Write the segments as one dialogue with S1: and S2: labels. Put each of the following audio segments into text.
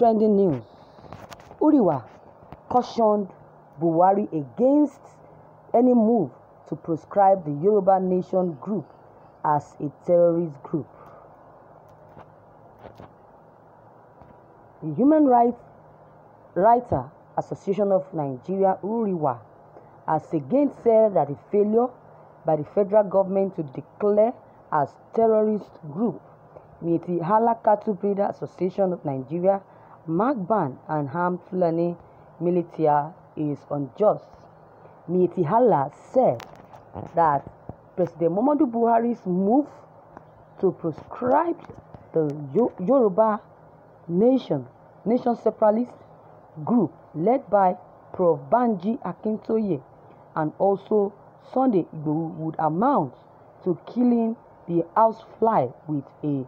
S1: Trending news. Uriwa cautioned Buhari against any move to proscribe the Yoruba Nation group as a terrorist group. The Human Rights Writer Association of Nigeria, Uriwa, has again said that the failure by the federal government to declare as terrorist group Miti Halakatu Breeder Association of Nigeria Mark ban and Ham Fulani militia is unjust. Hala said that President Muhammadu Buhari's move to proscribe the Yoruba nation, nation separatist group led by Prof. Banji Akintoye and also Sunday Igboho would amount to killing the housefly with a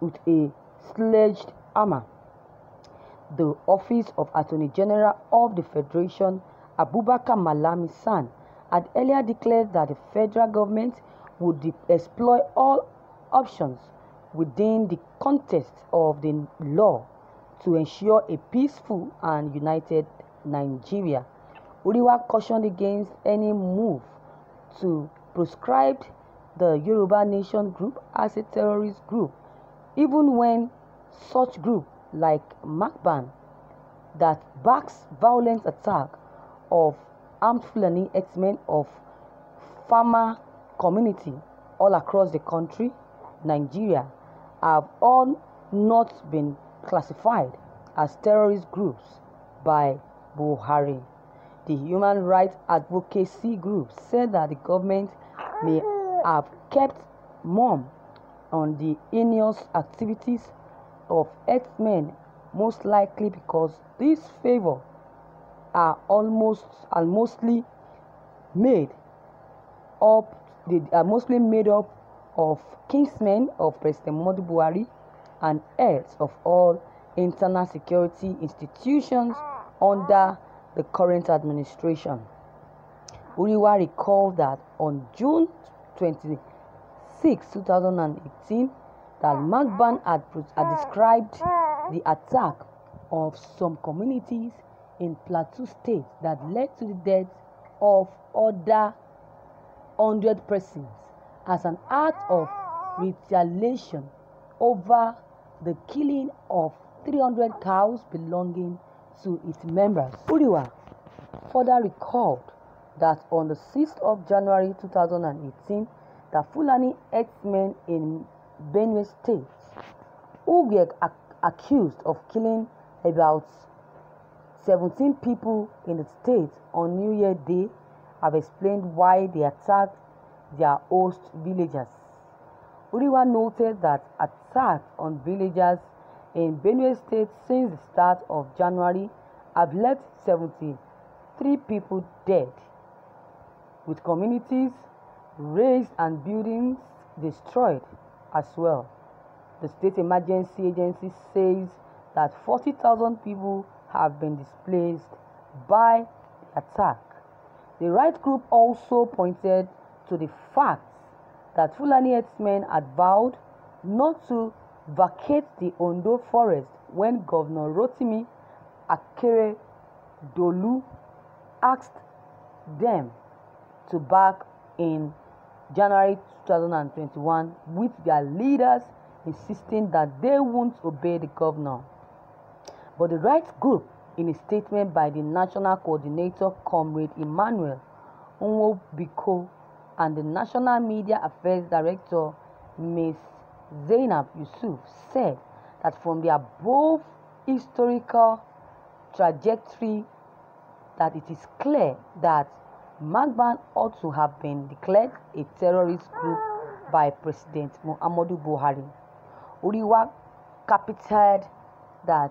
S1: with a sledgehammer the office of Attorney General of the Federation, Abubakar Malami San, had earlier declared that the federal government would exploit all options within the context of the law to ensure a peaceful and united Nigeria. Uriwa cautioned against any move to proscribe the Yoruba Nation group as a terrorist group, even when such group like Macban that backs violent attack of armed Fulani X-Men of farmer community all across the country, Nigeria, have all not been classified as terrorist groups by Buhari. The human rights advocacy group said that the government may have kept mum on the heinous activities of earthmen, most likely because these favor are almost and mostly made up they are mostly made up of kinsmen of President Modi Buhari and heads of all internal security institutions under the current administration. Uriwa recalled that on June 26, 2018, that Magban had, had described the attack of some communities in Plateau State that led to the death of other 100 persons as an act of retaliation over the killing of 300 cows belonging to its members. Uriwa further recalled that on the 6th of January 2018, the Fulani X-Men in Benue State, who were ac accused of killing about 17 people in the state on New Year Day, have explained why they attacked their host villagers. Uriwa noted that attacks on villagers in Benue State since the start of January have left 73 people dead, with communities razed and buildings destroyed as well. The State Emergency Agency says that 40,000 people have been displaced by the attack. The right group also pointed to the fact that Fulani herdsmen had vowed not to vacate the Ondo forest when Governor Rotimi Akere Dolu asked them to back in January 2021 with their leaders insisting that they won't obey the governor. But the right group, in a statement by the national coordinator Comrade Emmanuel Biko, and the national media affairs director Ms. Zainab Yusuf, said that from the above historical trajectory that it is clear that Magban ought to have been declared a terrorist group by President Muhammadu Buhari. Uriwa capitulated that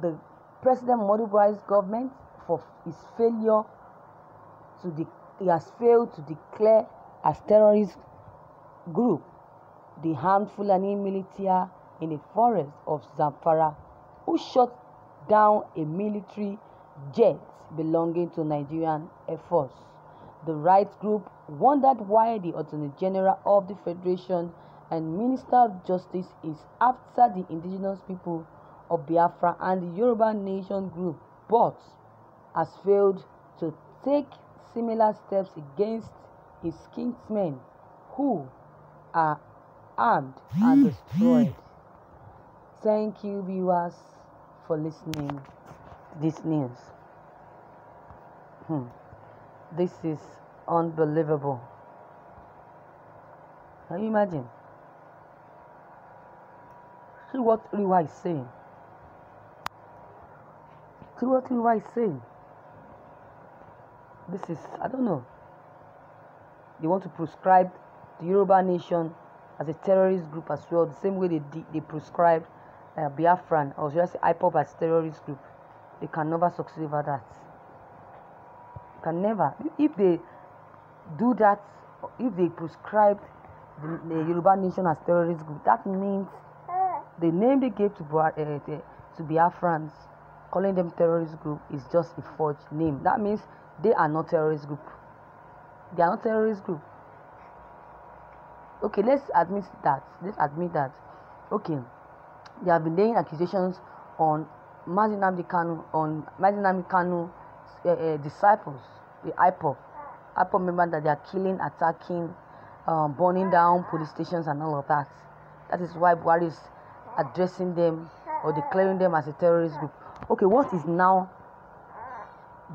S1: the President Muhammadu Buhari's government for his failure to de- he has failed to declare as terrorist group the armed Fulani militia in the forest of Zamfara who shot down a military jet belonging to Nigerian Air Force. The rights group wondered why the Attorney General of the Federation and Minister of Justice is after the indigenous people of Biafra and the Yoruba Nation group, but has failed to take similar steps against his kinsmen who are armed and destroyed. Thank you, viewers, for listening to this news. Hmm. This is unbelievable. Can you imagine? See what Liwa is saying. See what Liwa is saying. This is, I don't know. They want to prescribe the Yoruba nation as a terrorist group as well, the same way they, they prescribed uh, Biafran, or should I say IPOP as terrorist group. They can never succeed over that can never if they do that if they prescribe the, the Yoruba nation as terrorist group that means the name they gave to, uh, to, our friends, calling them terrorist group is just a forged name that means they are not terrorist group they are not terrorist group okay let's admit that let's admit that okay they have been laying accusations on Mazinamdi Kanu on Mazinamdi Kanu the uh, disciples, the IPOP, IPOP member that they are killing, attacking, um, burning down police stations and all of that. That is why Buhari is addressing them or declaring them as a terrorist group. Okay, what is now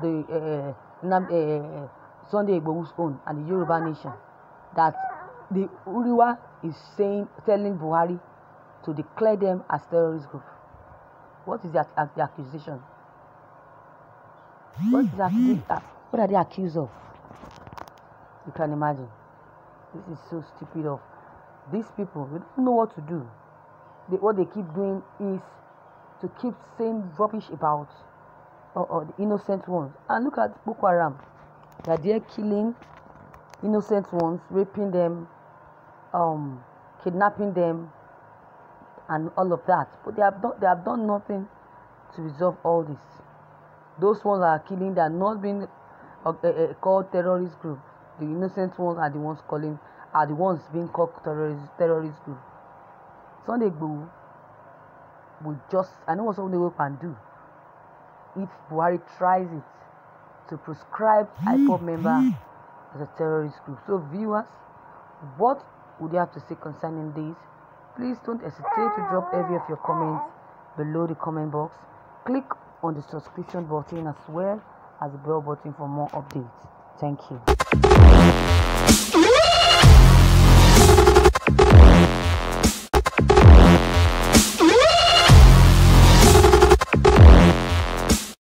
S1: the uh, eh, eh, Nam, uh, Sunday Igbohu's own and the Yoruba nation that the Uriwa is saying, telling Buhari to declare them as terrorist group? What is the, the accusation? What exactly? What are they accused of? You can imagine. This is so stupid of these people. They don't know what to do. They, what they keep doing is to keep saying rubbish about or, or the innocent ones. And look at Boko Haram. They are there killing innocent ones, raping them, um, kidnapping them, and all of that. But they have done, they have done nothing to resolve all this. Those ones are killing, they are not being uh, uh, uh, called terrorist group. The innocent ones are the ones calling, are the ones being called terrorist terrorist group. Sunday group will just, I know what Sunday Igboho can do. If Buhari tries it to prescribe IPOD member as a terrorist group. So viewers, what would you have to say concerning this? Please don't hesitate to drop every of your comments below the comment box. Click on the subscription button as well as the bell button for more updates. Thank you.